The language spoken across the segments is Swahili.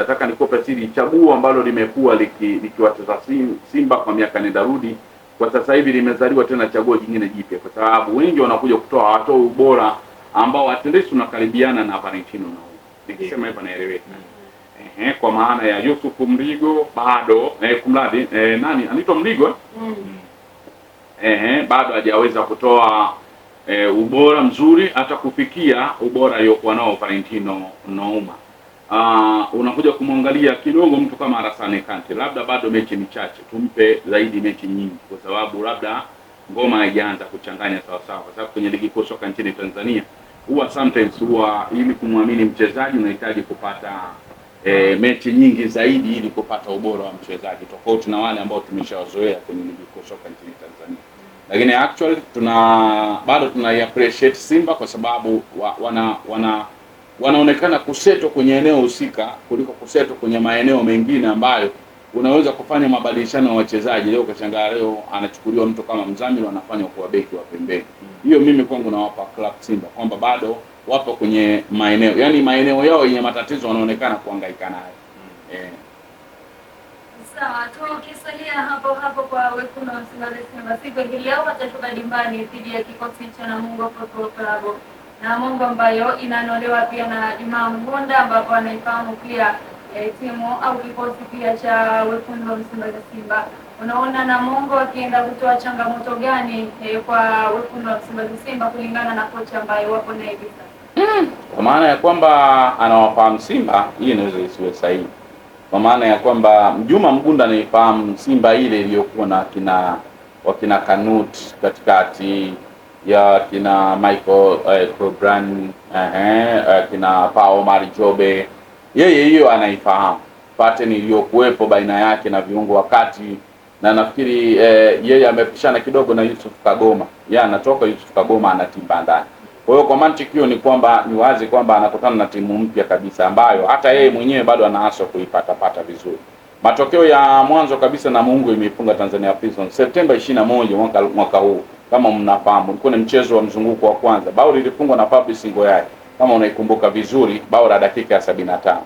nataka nikupe siri, chaguo ambalo limekuwa likiwacheza liki Simba kwa miaka nenda rudi, kwa sasa hivi limezaliwa tena chaguo jingine jipya, kwa sababu wengi wanakuja kutoa hawatoa ubora ambao at least unakaribiana na Valentino na huyo, nikisema hivyo naeleweka. Ehe, kwa maana ya Yusuf Mligo bado eh, kumradi eh, nani anaitwa Mligo mm. Ehe, bado hajaweza kutoa eh, ubora mzuri hata kufikia ubora aliyokuwa nao Valentino Nouma uh, unakuja kumwangalia kidogo mtu kama Arasane Kante, labda bado mechi michache tumpe zaidi mechi nyingi, kwa sababu labda ngoma haijaanza kuchanganya sawa sawa, kwa sababu kwenye ligi kuu soka nchini Tanzania huwa sometimes huwa ili kumwamini mchezaji unahitaji kupata e, mechi nyingi zaidi ili kupata ubora wa mchezaji, tofauti na wale ambao tumeshawazoea kwenye ligi kuu soka nchini Tanzania. Lakini actually tuna bado tuna appreciate Simba kwa sababu wa, wana wana wanaonekana kusetwa kwenye eneo husika kuliko kusetwa kwenye maeneo mengine ambayo unaweza kufanya mabadilishano ya wachezaji. Leo ukashangaa, leo anachukuliwa mtu kama Mzamiru anafanya kuwa beki wa pembeni. Hiyo mimi kwangu nawapa Club Simba kwamba bado wapo kwenye maeneo, yaani maeneo yao yenye matatizo wanaonekana kuhangaika nayo. hmm. eh. Sawa, tukisalia hapo hapo kwa wekundu wa Msimbazi, Simba siku hii leo watashuka dimbani dhidi ya kikosi cha Namungo Football Club na Mungu ambayo inanolewa pia na Jumaa Mgunda ambapo anaifahamu pia e, timu au kikosi pia cha wekundu wa Msimbazi Simba. Unaona na Mungu akienda kutoa changamoto gani e, kwa wekundu wa Msimbazi Simba kulingana na kocha ambayo wapo naye hivi sasa mm. Kwa maana ya kwamba anawafahamu Simba, hiyo inaweza isiwe sahihi, kwa maana ya kwamba Juma Mgunda anaifahamu Simba ile iliyokuwa na kina wakina Kanut katikati ya kina Michael eh, Cobran eh, eh, kina Pao jobe yeye hiyo anaifahamu pattern iliyokuwepo baina yake na viungo wakati, na nafikiri eh, yeye amepishana kidogo na Yusuf Kagoma, yeye anatoka Yusuf Kagoma anatimba ndani. Kwa hiyo kwa mantiki hiyo ni kwamba ni wazi kwamba anakutana na timu mpya kabisa ambayo hata yeye mwenyewe bado anaaswa kuipatapata vizuri. Matokeo ya mwanzo kabisa Namungo imeifunga Tanzania Prisons Septemba 21 mwaka, mwaka huu kama mnafahamu, ulikuwa ni mchezo wa mzunguko wa kwanza, bao lilifungwa na Fabrice Ngoyai kama unaikumbuka vizuri, bao la dakika ya 75.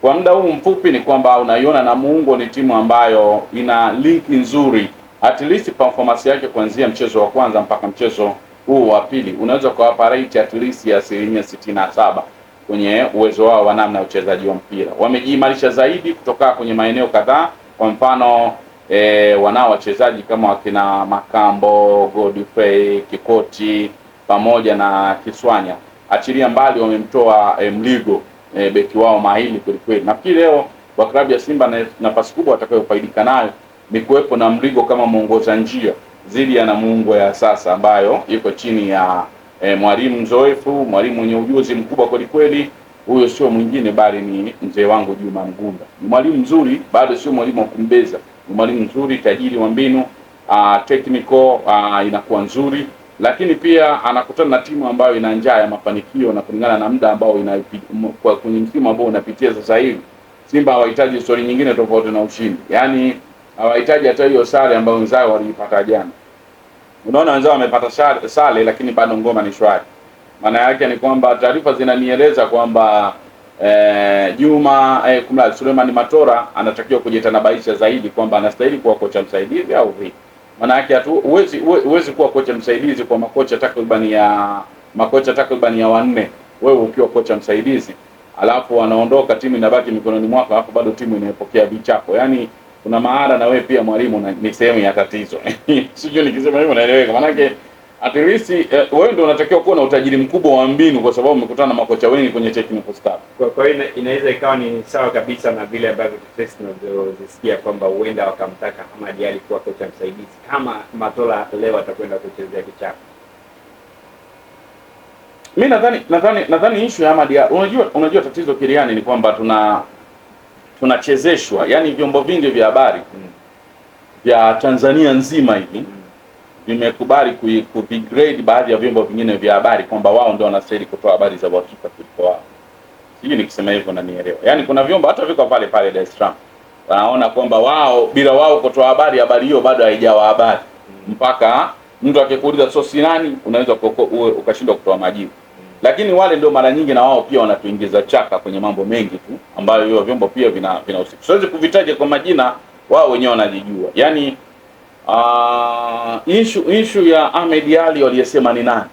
Kwa muda huu mfupi ni kwamba unaiona Namungo ni timu ambayo ina link nzuri, at least performance yake kuanzia mchezo wa kwanza mpaka mchezo huu wa pili unaweza kuwapa rate at least ya asilimia 67 kwenye uwezo wao wa namna ya uchezaji wa mpira. Wamejiimarisha zaidi kutoka kwenye maeneo kadhaa, kwa mfano e, wanao wachezaji kama wakina Makambo, Godfrey, Kikoti pamoja na Kiswanya, achilia mbali wamemtoa e, Mligo e, beki wao mahili kwelikweli. Nafikiri leo kwa klabu ya Simba na nafasi kubwa watakayofaidika nayo ni kuwepo na Mligo kama mwongoza njia dhidi ya Namungo ya sasa ambayo iko chini ya e, mwalimu mzoefu, mwalimu mwenye ujuzi mkubwa kwelikweli kweli. Huyo sio mwingine bali ni mzee wangu Juma Mgunda. Ni mwalimu mzuri, bado sio mwalimu wa kumbeza. Ni mwalimu mzuri, tajiri wa mbinu ah, technical ah, inakuwa nzuri, lakini pia anakutana na timu ambayo ina njaa ya mafanikio na kulingana na muda ambao kwa kwenye msimu ambao unapitia sasa hivi, Simba hawahitaji stori nyingine tofauti na ushindi, yaani hawahitaji hata hiyo sare ambayo wenzao waliipata jana. Unaona wenzao wamepata sale lakini bado ngoma ni shwari. Maana yake ni kwamba taarifa zinanieleza kwamba eh, Juma eh, kumla Suleiman Matora anatakiwa kujitanabaisha zaidi kwamba anastahili kuwa kocha msaidizi au vipi. Maana yake hatu huwezi huwezi kuwa kocha msaidizi kwa makocha takriban ya makocha takriban ya wanne, wewe ukiwa kocha msaidizi alafu wanaondoka, timu inabaki mikononi mwako, alafu bado timu inaepokea vichapo, yaani kuna mahara na wewe pia mwalimu ni sehemu ya tatizo. Sijui nikisema hivyo naeleweka, maanake at least eh, wewe ndio unatakiwa kuwa na utajiri mkubwa wa mbinu, kwa sababu umekutana na makocha wengi kwenye technical staff. Kwa kwa hiyo inaweza ikawa ni sawa kabisa na vile ambavyo tetesi tunazozisikia kwamba huenda wakamtaka Hamad Ally kuwa kocha msaidizi kama Matola leo atakwenda kuchezea kichapo. Mimi nadhani nadhani nadhani issue ya Hamad Ally, unajua unajua tatizo kiliani ni kwamba tuna tunachezeshwa, yani vyombo vingi vya habari vya Tanzania nzima hivi vimekubali kuvigrade baadhi ya vyombo vingine vya habari kwamba wao ndio wanastahili kutoa habari za uhakika kuliko wao. Sijui nikisema hivyo nanielewa. Yani kuna vyombo hata viko pale pale Dar es Salaam wanaona kwamba wao bila wao kutoa habari, habari hiyo bado haijawa habari, mpaka mtu akikuuliza sosi nani, unaweza ukashindwa kutoa majibu lakini wale ndio mara nyingi na wao pia wanatuingiza chaka kwenye mambo mengi tu ambayo hiyo vyombo pia vinahusika siwezi kuvitaja kwa majina, wao wenyewe wanajijua. Yaani uh, ah, ishu ishu ya Ahmed Ali waliyesema ni nani,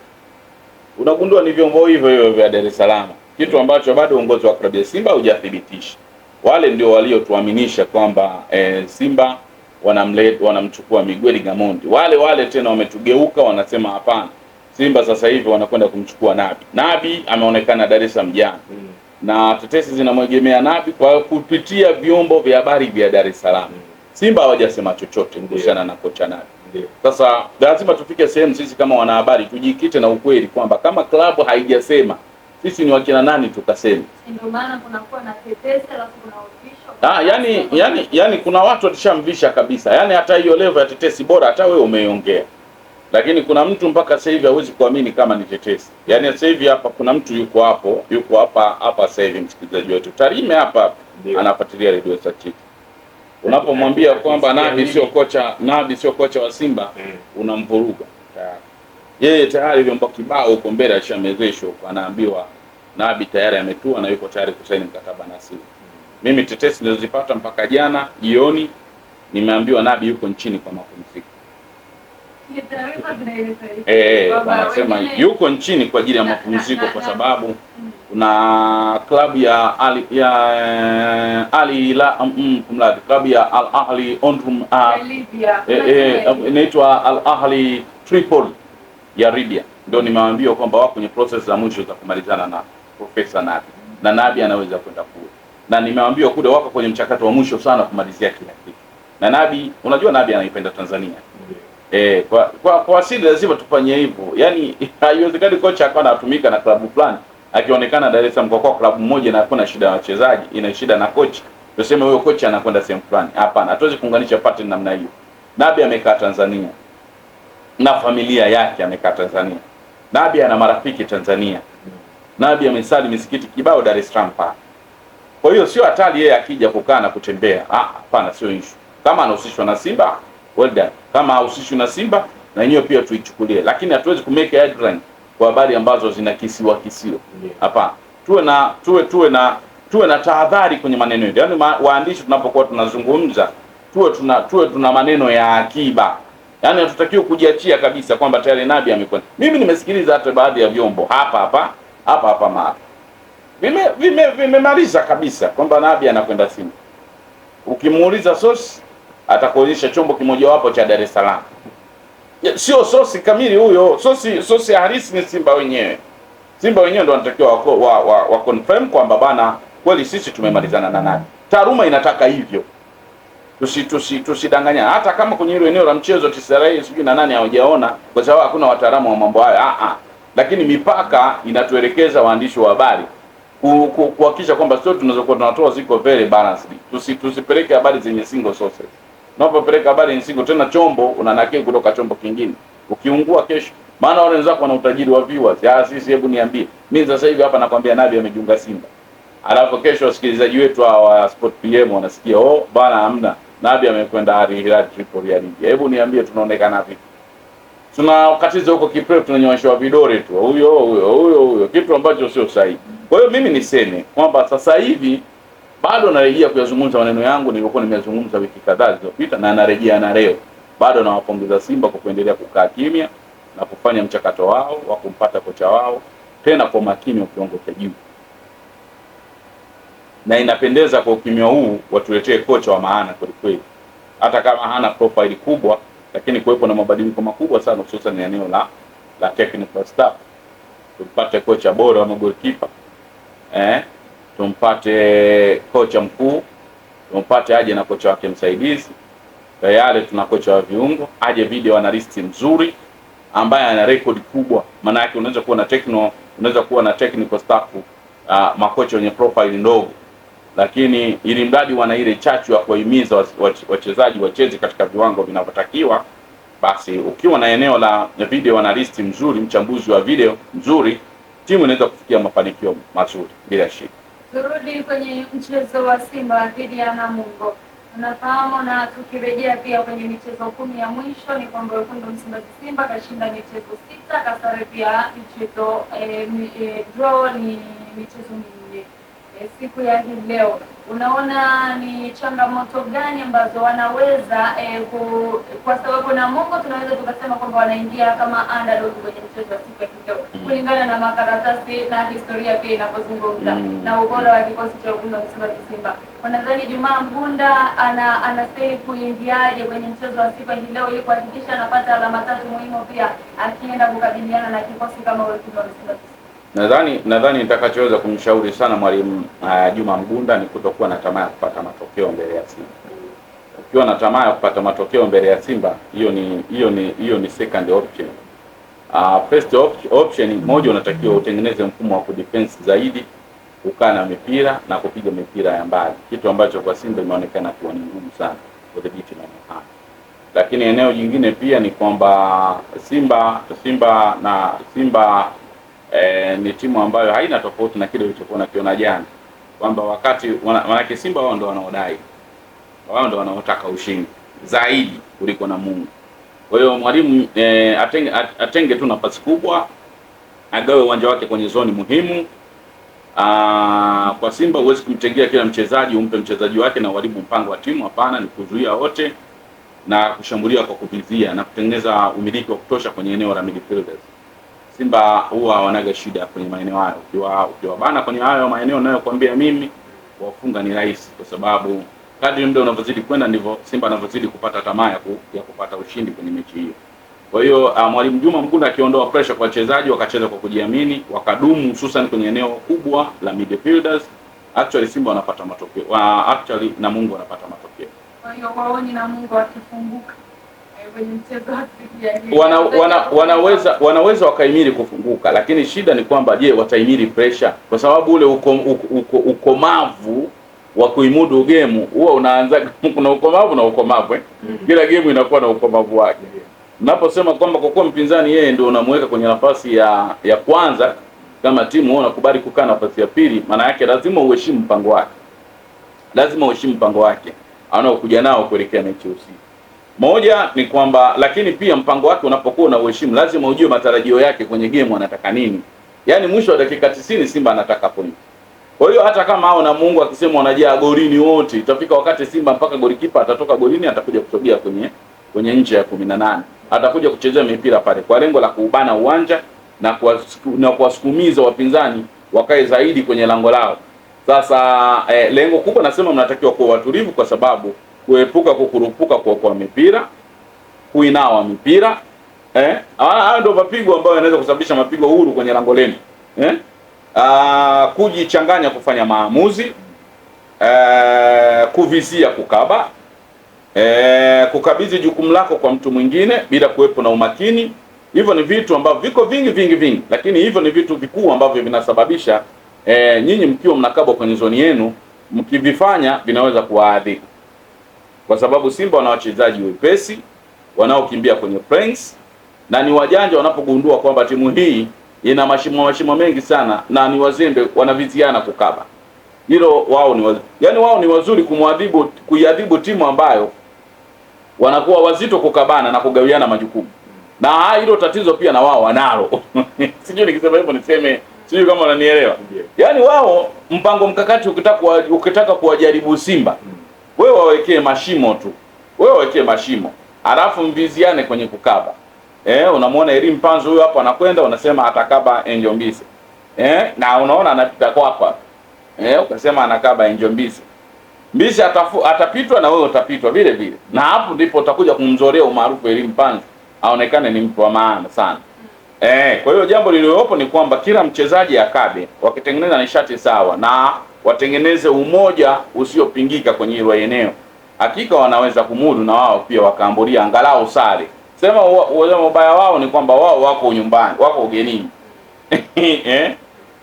unagundua ni vyombo hivyo hivyo vya Dar es Salaam, kitu ambacho bado uongozi wa klabu ya Simba hujathibitisha. Wale ndio waliotuaminisha kwamba e, Simba wanamleta wanamchukua Miguel Gamondi, wale wale tena wametugeuka, wanasema hapana Simba sasa hivi wanakwenda kumchukua Nabi. Nabi ameonekana Dar es Salaam jana mm. na tetesi zinamwegemea Nabi kwa kupitia vyombo vya habari vya Dar es Salaam mm. Simba hawajasema chochote kuhusiana na kocha Nabi. Ndiyo. Sasa lazima tufike sehemu sisi kama wanahabari tujikite na ukweli kwamba kama klabu haijasema sisi ni wakina nani tukasema. Ndio maana kunakuwa na tetesi alafu kuna Ah, yani, yani, yani kuna watu walishamvisha kabisa, yaani hata hiyo level ya tetesi bora hata wewe umeongea lakini kuna mtu mpaka sasa hivi hawezi kuamini kama ni tetesi. Yaani sasa hivi hapa kuna mtu yuko hapo yuko hapa hapa sasa hivi, msikilizaji wetu Tarime hapa anafuatilia redio Satiki. Unapomwambia kwamba Nabi sio kocha, Nabi sio kocha wa Simba mm. unamvuruga yeye tayari vyombo kibao huko mbele ashamezeshwa, anaambiwa Nabi tayari ametua na yuko tayari kusaini mkataba na Simba. Mm. Mimi tetesi nilizipata mpaka jana jioni, nimeambiwa Nabi yuko nchini kwa mapumziko. Eh, eh wanasema yuko nchini kwa ajili ya mapumziko kwa sababu mm. kuna klabu ya Ali ya eh, Ali la um, klabu ya Al Ahli Ondrum ah, eh, inaitwa Al Ahli Tripoli ya Libya, ndio nimewaambia kwamba wako kwenye process za mwisho za kumalizana na Profesa Nabi na Nabi anaweza kwenda kule, na nimeambiwa kule wako kwenye mchakato wa mwisho sana kumalizia kila kitu na Nabi. Unajua Nabi anaipenda Tanzania Eh, kwa kwa, kwa asili lazima tufanye hivyo. Yaani haiwezekani kocha akawa anatumika na klabu fulani akionekana Dar es Salaam kwa kwa klabu moja na kuna shida ya wachezaji, ina shida na kocha. Tuseme huyo kocha anakwenda sehemu fulani. Hapana, hatuwezi kuunganisha pattern namna hiyo. Nabi amekaa Tanzania na familia yake amekaa Tanzania. Nabi ana marafiki Tanzania. Nabi amesali misikiti kibao Dar es Salaam pa. Kwa hiyo sio hatari yeye akija kukaa na kutembea. Ah, hapana sio issue. Kama anahusishwa na Simba well done. Kama hahusishi na Simba na yenyewe pia tuichukulie, lakini hatuwezi kumeke headline kwa habari ambazo zina kisiwa kisiwa. Hapana, tuwe na tuwe tuwe na tuwe na tahadhari kwenye maneno yetu. Yaani ma, waandishi tunapokuwa tunazungumza tuwe tuna tuwe tuna maneno ya akiba. Yaani hatutakiwi kujiachia kabisa kwamba tayari Nabi amekwenda. Mimi nimesikiliza hata baadhi ya vyombo hapa hapa hapa hapa mahali. Vime vimemaliza vime kabisa kwamba Nabi anakwenda Simba. Ukimuuliza source atakuonyesha chombo kimojawapo cha Dar es Salaam. Sio sosi kamili huyo, sosi sosi ya halisi ni Simba wenyewe. Simba wenyewe ndo wanatakiwa wako, wa, wa, wa confirm kwamba bana kweli sisi tumemalizana na nani. Taaruma inataka hivyo, tusi tusi, tusidanganya. hata kama kwenye hilo eneo la mchezo TCRA sijui na nani hawajaona, kwa sababu hakuna wataalamu wa mambo hayo ah ah, lakini mipaka inatuelekeza waandishi wa habari kuhakikisha kwamba sio tunazokuwa tunatoa ziko very balanced, Tusi tusipeleke habari zenye single sources. Unapopeleka habari Nsingo tena chombo unanakili kutoka chombo kingine, ukiungua kesho. Maana wale wenzako wana utajiri wa viewers. Ah, sisi hebu niambie, mimi sasa hivi hapa nakwambia Nabi amejiunga Simba, alafu kesho wasikilizaji wetu hawa wa Sport PM wanasikia oh, bana amna. Nabi amekwenda Al Hilal Tripoli ya Libya. Hebu niambie, tunaonekana vipi? Tuna Tunakatiza huko Kipre tunanyoshwa vidole tu, huyo huyo huyo huyo, kitu ambacho sio sahihi. Kwa hiyo mimi niseme kwamba sasa hivi bado narejea kuyazungumza maneno yangu nilikuwa nimeyazungumza wiki kadhaa zilizopita, na narejea na leo. Bado nawapongeza Simba kwa kuendelea kukaa kimya na kufanya mchakato wao wa kumpata kocha wao tena kwa makini wa kiwango cha juu, na inapendeza kwa ukimya huu watuletee kocha wa maana kwelikweli, hata kama hana profile kubwa, lakini kuwepo na mabadiliko makubwa sana, hususan eneo la la technical staff, tupate kocha bora ama goalkeeper eh tumpate kocha mkuu, tumpate aje na kocha wake msaidizi. Tayari tuna kocha wa viungo, aje video analyst mzuri ambaye ana record kubwa. Maana yake unaweza kuwa na techno, unaweza kuwa na technical staff uh, makocha wenye profile ndogo, lakini ili mradi wana ile chachu ya kuwahimiza wachezaji wacheze katika viwango vinavyotakiwa, basi ukiwa na eneo la video analyst mzuri, mchambuzi wa video mzuri, timu inaweza kufikia mafanikio mazuri bila shida turudi kwenye mchezo wa Simba dhidi ya Namungo. Unafahamu, na tukirejea pia kwenye michezo kumi ya mwisho ni kwamba wekundu Msimbazi Simba kashinda michezo sita, kasare pia michezo eh, eh, draw ni michezo mingi Eh, siku ya hii leo, unaona ni changamoto gani ambazo wanaweza e, ku, kwa sababu na Mungu tunaweza tukasema kwamba wanaingia kama underdog kwenye mchezo wa siku ya hii leo mm. kulingana na makaratasi na historia pia inapozungumza mm. na ubora wa kikosi cha Ugunda Msimbazi Simba. Wanadhani Jumaa Mgunda ana anastahili kuingiaje kwenye mchezo wa siku ya hii leo ili kuhakikisha anapata alama tatu muhimu, pia akienda kukabiliana na kikosi kama Wekundu wa Simba. Nadhani nadhani nitakachoweza kumshauri sana mwalimu uh, Juma Mgunda ni kutokuwa na tamaa ya kupata matokeo mbele ya Simba. Ukiwa na tamaa ya kupata matokeo mbele ya Simba, hiyo ni hiyo ni hiyo ni second option. Uh, first option moja, unatakiwa utengeneze mfumo wa kudefense zaidi, kukaa na mipira na kupiga mipira ya mbali, kitu ambacho kwa Simba imeonekana kuwa ni ngumu sana kudhibiti na mahali. Lakini eneo jingine pia ni kwamba Simba Simba na Simba e, ni timu ambayo haina tofauti na kile ulichokuwa unakiona jana, kwamba wakati manake Simba wao ndo wanaodai, wao ndo wanaotaka ushindi zaidi kuliko na Mungu. Kwa hiyo mwalimu e, atenge, atenge tu nafasi kubwa, agawe uwanja wake kwenye zoni muhimu. Aa, kwa Simba huwezi kumtengea kila mchezaji umpe mchezaji wake na uharibu mpango wa timu. Hapana, ni kuzuia wote na kushambulia kwa kuvizia na kutengeneza umiliki wa kutosha kwenye eneo la midfielders. Simba huwa wanaga shida kwenye maeneo hayo. Ukiwa ukiwabana kwenye hayo maeneo nayokwambia mimi, wafunga ni rahisi, kwa sababu kadri muda unavyozidi kwenda ndivyo Simba anavyozidi kupata tamaa ya, ku, ya kupata ushindi kwenye mechi hiyo. Kwa hiyo uh, mwalimu Juma Mkunda akiondoa pressure kwa wachezaji, wakacheza kwa kujiamini, wakadumu hususan kwenye eneo kubwa la midfielders. Actually Simba wanapata matokeo, ah, actually Mungu wanapata matokeo. Kwa hiyo waoni Mungu akifunguka wana, wana, wanaweza wanaweza kufunguka, lakini shida ni kwamba je, wataimiri pressure? Kwa sababu ule ukomavu uko, wa kuimudu gemu huwa unaanza kuna ukomavu na ukomavu eh? Mm-hmm. Kila gemu inakuwa na ukomavu wake. Naposema kwamba kwa kuwa mpinzani yeye ndio unamweka kwenye nafasi ya ya kwanza kama timu, wao unakubali kukaa nafasi ya pili, maana yake lazima uheshimu mpango wake, lazima uheshimu mpango wake anaokuja nao kuelekea mechi husika. Moja ni kwamba lakini pia mpango wake unapokuwa na uheshimu, lazima ujue matarajio yake kwenye game anataka nini. Yaani mwisho wa dakika 90 Simba anataka point. Kwa hiyo hata kama hao na Mungu akisema wanajaa golini wote, itafika wakati Simba mpaka golikipa atatoka golini atakuja kusogea kwenye kwenye nje ya 18. Atakuja kuchezea mipira pale kwa lengo la kuubana uwanja na kuwasukumiza na wapinzani wakae zaidi kwenye lango lao. Sasa eh, lengo kubwa nasema mnatakiwa kuwa watulivu kwa sababu kuepuka kukurupuka kwa kwa mipira, kuinawa mipira eh. Hayo ah, ah, ndio mapigo ambayo yanaweza kusababisha mapigo huru kwenye lango leni eh. Aa, ah, kujichanganya kufanya maamuzi eh, kuvizia kukaba eh, kukabidhi jukumu lako kwa mtu mwingine bila kuwepo na umakini. Hivyo ni vitu ambavyo viko vingi vingi vingi, lakini hivyo ni vitu vikuu ambavyo vinasababisha eh, nyinyi mkiwa mnakabwa kwenye zoni yenu, mkivifanya vinaweza kuwaadhiri kwa sababu Simba wana wachezaji wepesi wanaokimbia kwenye plains na ni wajanja wanapogundua kwamba timu hii ina mashimo mashimo mengi sana na ni wazembe, wanaviziana kukaba hilo. Wao ni wazuri, Yani wao ni wazuri kumwadhibu, kuiadhibu timu ambayo wanakuwa wazito kukabana na kugawiana majukumu, na hilo tatizo pia na wao wanalo. Sijui nikisema hivyo niseme, sijui kama unanielewa. Yani wao mpango mkakati, ukitaka ukitaka kuwajaribu Simba hmm wawekee mashimo tu, wewe wawekee mashimo alafu mviziane kwenye kukaba. Eh, unamwona Eli Mpanzu huyo hapo anakwenda, unasema atakaba Angel Mbise eh, na unaona anapita kwako hapa. eh, ukasema anakaba Angel Mbise. Mbise atafu, atapitwa na wewe utapitwa vile vile, na hapo ndipo utakuja kumzorea umaarufu Eli Mpanzu aonekane ni mtu wa maana sana. Eh, kwa hiyo jambo lililopo ni kwamba kila mchezaji akabe, wakitengeneza nishati sawa na watengeneze umoja usiopingika kwenye hilo eneo. Hakika wanaweza kumudu na wao pia wakaambulia angalau sare. Sema ubaya wao ni kwamba wao wako nyumbani, wako ugenini eh?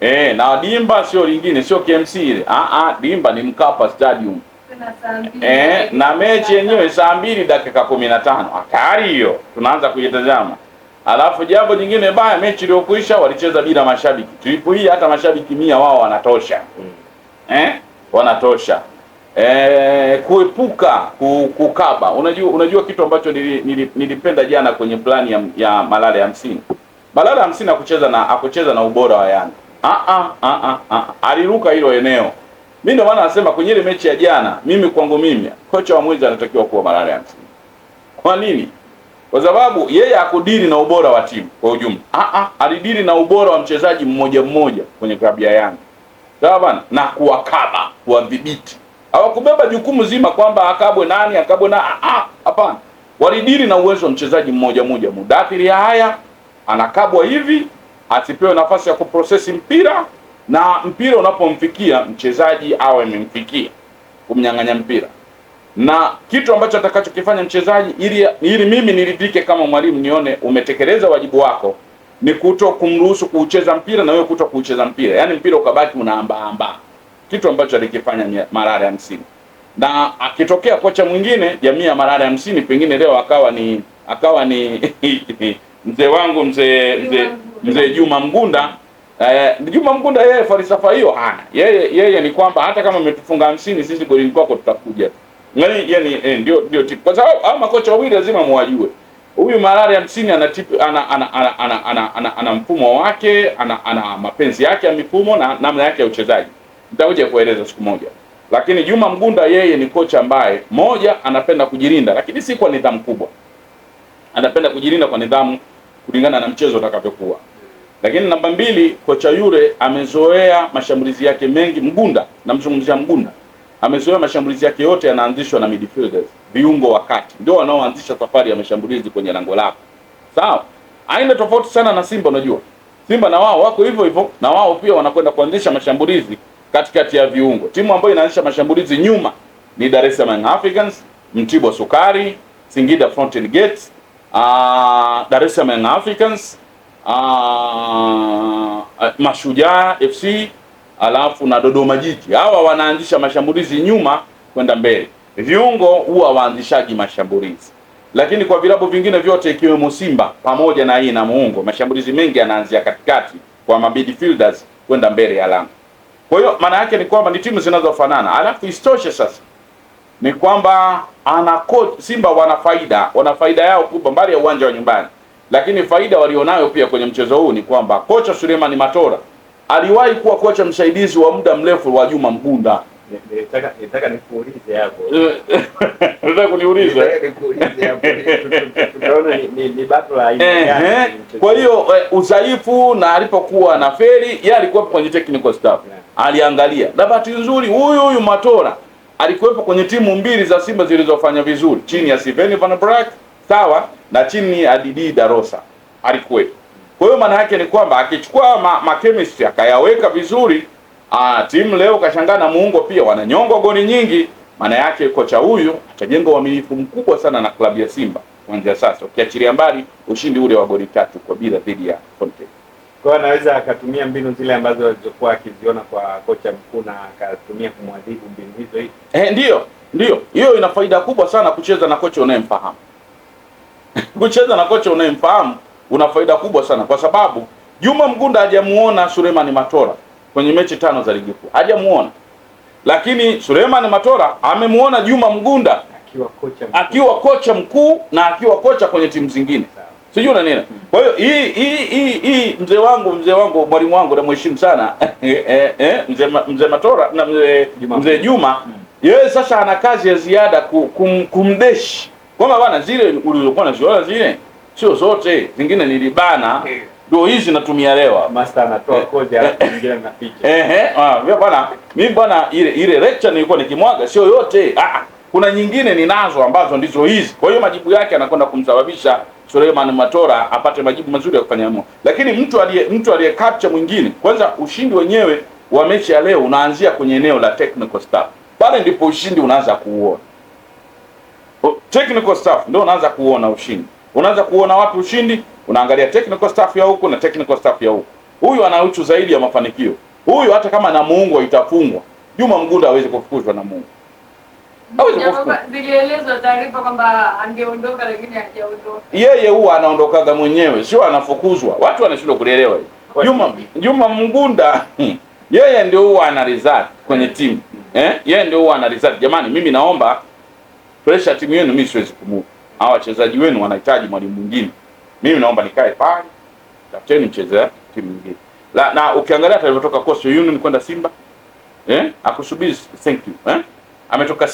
Eh, na dimba sio lingine, sio KMC ile. Ah ah, dimba ni Mkapa Stadium. Eh, na mechi yenyewe saa mbili dakika 15. Hatari ah, hiyo. Tunaanza kuitazama. Alafu jambo jingine baya, mechi iliyokuisha walicheza bila mashabiki. Tulipo hii hata mashabiki mia wao wanatosha. mm eh, wanatosha eh, kuepuka kukaba. Unajua, unajua kitu ambacho nili, nilipenda jana kwenye plani ya, ya Malala ya hamsini Malala hamsini akucheza na akucheza na ubora wa Yanga ah, ah, ah, ah, ah. Aliruka hilo eneo. Mi ndio maana nasema kwenye ile mechi ya jana, mimi kwangu mimi kocha wa mwezi anatakiwa kuwa Malala ya hamsini. Kwa nini? Kwa sababu yeye akudili na ubora wa timu kwa ujumla. Ah, ah, alidili na ubora wa mchezaji mmoja mmoja kwenye klabu ya Yanga sawa bwana, na kuwakaba, kuwadhibiti. Hawakubeba jukumu zima kwamba akabwe nani akabwe na hapana. Walidili na uwezo wa mchezaji mmoja mmoja. Mudathiri haya anakabwa hivi, asipewe nafasi ya kuprosesi mpira, na mpira unapomfikia mchezaji awe amemfikia kumnyang'anya mpira na kitu ambacho atakachokifanya mchezaji ili ili mimi niridhike kama mwalimu nione umetekeleza wajibu wako, ni kuto kumruhusu kuucheza mpira na wewe kuto kuucheza mpira, yaani mpira ukabaki unaambaamba, kitu ambacho alikifanya Marara hamsini. Na akitokea kocha mwingine jamii ya Marara hamsini, pengine leo akawa ni akawa ni mzee wangu mzee mzee mzee Juma Mgunda. Eh, Juma Mgunda yeye falsafa hiyo hana yeye, yeye ni kwamba hata kama umetufunga hamsini sisi golini kwako tutakuja. Yaani, yaani eh, ndio ndio, kwa sababu hao makocha wawili lazima muwajue. Huyu malaria hamsini ana, ana, ana, ana, ana, ana, ana, ana mfumo wake ana, ana mapenzi yake ya mifumo na namna yake ya uchezaji, nitakuja kueleza siku moja. Lakini Juma Mgunda yeye ni kocha ambaye moja anapenda kujilinda, lakini si kwa nidhamu kubwa, anapenda kujilinda kwa nidhamu kulingana na mchezo utakavyokuwa. Lakini namba mbili, kocha yule amezoea mashambulizi yake mengi. Mgunda namzungumzia Mgunda amezoea mashambulizi yake yote yanaanzishwa na midfielders, viungo wa kati ndio wanaoanzisha safari ya mashambulizi kwenye lango lako, sawa. Aina tofauti sana na Simba. Unajua Simba na wao wako hivyo hivyo, na wao pia wanakwenda kuanzisha mashambulizi katikati ya viungo. Timu ambayo inaanzisha mashambulizi nyuma ni Dar es Salaam Africans, Mtibwa Sukari, Singida Fountain Gate, uh, Dar es Salaam Africans, uh, Mashujaa FC alafu na Dodoma Jiji. Hawa wanaanzisha mashambulizi nyuma kwenda mbele, viungo huwa waanzishaji mashambulizi, lakini kwa vilabu vingine vyote ikiwemo Simba pamoja na hii na muungo, mashambulizi mengi yanaanzia katikati kwa midfielders kwenda mbele ya lango. Kwa hiyo maana yake ni kwamba ni timu zinazofanana, alafu istoshe sasa ni kwamba ana Simba wana faida, wana faida yao kubwa mbali ya uwanja wa nyumbani, lakini faida walionayo pia kwenye mchezo huu ni kwamba kocha Suleiman Matora aliwahi kuwa kocha msaidizi wa muda mrefu wa Juma Mgunda. Nataka nataka nikuulize hapo. Nataka kuniuliza. Nataka hapo. Tunaona ni battle la aina gani? Kwa hiyo eh, udhaifu na alipokuwa na feli, yeye alikuwa kwenye technical staff. Aliangalia. Na bahati nzuri huyu huyu Matola alikuwepo kwenye timu mbili za Simba zilizofanya vizuri chini ya Siveni Van Braak sawa na chini ya Didi Darosa alikuwepo. Kwa hiyo maana yake ni kwamba akichukua ma, ma chemistry akayaweka vizuri ah, timu leo kashangaa na muungo pia wananyongwa goli nyingi. Maana yake kocha huyu atajenga uaminifu mkubwa sana na klabu ya Simba kuanzia sasa, ukiachilia mbali ushindi ule wa goli tatu kwa bila dhidi ya Conte. Kwa hiyo anaweza akatumia mbinu zile ambazo alizokuwa akiziona kwa kocha mkuu na akatumia kumwadhibu mbinu hizo hizo. Eh, ndio ndio, hiyo ina faida kubwa sana kucheza na kocha unayemfahamu kucheza na kocha unayemfahamu una faida kubwa sana, kwa sababu Juma Mgunda hajamuona Suleiman Matora kwenye mechi tano za ligi kuu, hajamuona. Lakini Suleiman Matora amemuona Juma Mgunda akiwa kocha mkuu, akiwa kocha mkuu na akiwa kocha kwenye timu zingine, sijui nini. Kwa hiyo hii hii hii mzee wangu mzee wangu mwalimu wangu namheshimu sana eh, eh, eh, mzee mzee Matora na mzee mzee Juma hmm. yeye sasa ana kazi ya ziada kumdeshi kwamba bana, zile ulizokuwa naziona zile sio zote, zingine nilibana eh. ndio hey. hizi natumia leo. Master anatoa eh. kodi alafu eh. mwingine anapiga. Ehe, ah, bwana, mimi bwana, ile ile lecture nilikuwa nikimwaga sio yote. Ah, ah, kuna nyingine ninazo ambazo ndizo hizi. Kwa hiyo majibu yake anakwenda kumsababisha Suleiman Matora apate majibu mazuri ya kufanya mambo. Lakini mtu aliye mtu aliye capture mwingine, kwanza ushindi wenyewe wa mechi ya leo unaanzia kwenye eneo la technical staff. Pale ndipo ushindi unaanza kuuona. Oh, technical staff ndio unaanza kuona ushindi. Unaanza kuona wapi ushindi? Unaangalia technical staff ya huku na technical staff ya huku, huyu ana uchu zaidi ya mafanikio, huyu hata kama na Mungu itafungwa. Juma Mgunda hawezi kufukuzwa na Mungu, hawezi kufukuzwa. Nilielezwa taarifa kwamba angeondoka lakini hajaondoka. Yeye huwa anaondokaga mwenyewe, sio anafukuzwa. Watu wanashindwa kulielewa hiyo. Juma Juma Mgunda hmm, yeye ndio huwa ana result kwenye timu eh, yeye ndio huwa ana result. Jamani, mimi naomba pressure timu yenu, mimi siwezi kumudu hawa wachezaji wenu wanahitaji mwalimu mwingine, mimi naomba nikae pale, tafuteni mchezaji timu nyingine. La, na ukiangalia hata alivyotoka Coastal Union kwenda Simba eh, akusubiri thank you eh, ametoka